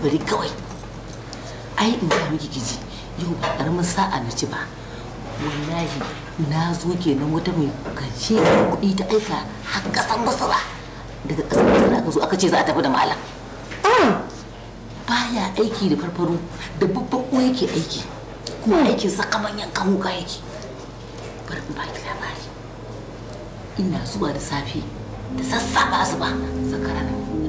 bari kawai ai in ga miki kiji yau ba karamin sa'a na ci ba wallahi na zo kenan wata mai kace kuɗi ta aika har ƙasar masara daga ƙasar masara aka zo aka ce za a tafi da malam ah! baya aiki da farfaro da babban ko yake aiki kuma hmm. aikin sa kaman yankan wuka yake bari in baki labari ina zuwa da safe da sassafa asuba zakara na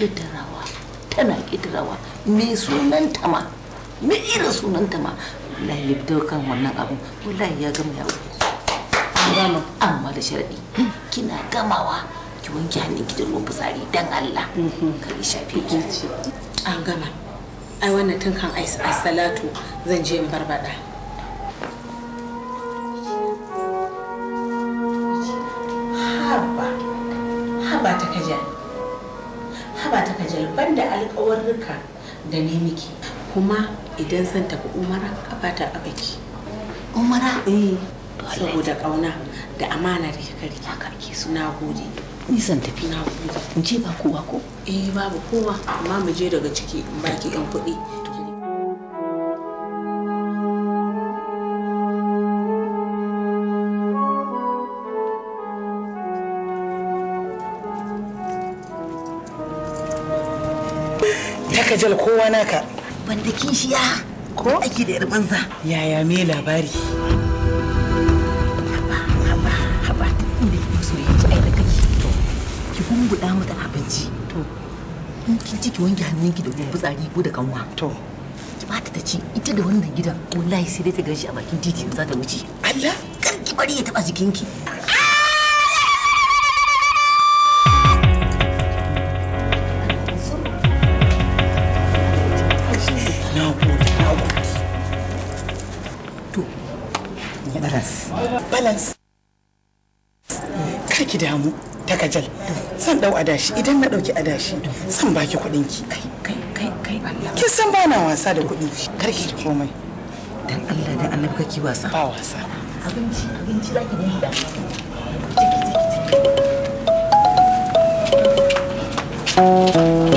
ƙetarawa tana ƙetarawa me sunanta ma me irin sunanta ma wallahi ya kan wannan abu wallahi ya gama ya gama amma da sharadi kina gamawa ki wanke ki da ruwan fitsari dan Allah kar ki shafe ki an gama ai wannan tun kan salatu zan je in barbada haba haba ta kaja ba ta kajal da alƙawarruka da ne miki kuma idan zan tafi umara ka kafata a baki umara eh saboda kauna da amana da kika rike ka ke so na gode ni zan tafi na gode in ce ba kowa ko eh babu kowa amma mu je daga ciki in baki yan kuɗi Takajal kajal kowa naka banda kishiya ko ake da yar banza yaya me labari ki bumbuɗa mata abinci to in kin ci ki wanke hannunki da gumbu tsari ko da kanwa to ki bata ta ci ita da wannan gidan wallahi sai dai ta gashi a bakin titi za ta wuce Allah kar ki bari ya taba jikinki balance balance damu ta kajal takajal san dau adashi idan na dauki adashi san baki kudin ki kai kai kai kai kin san bana wasa da kudi kar ki komai dan Allah dan Allah kake wasa ba wasa abinci abinci zaki dinga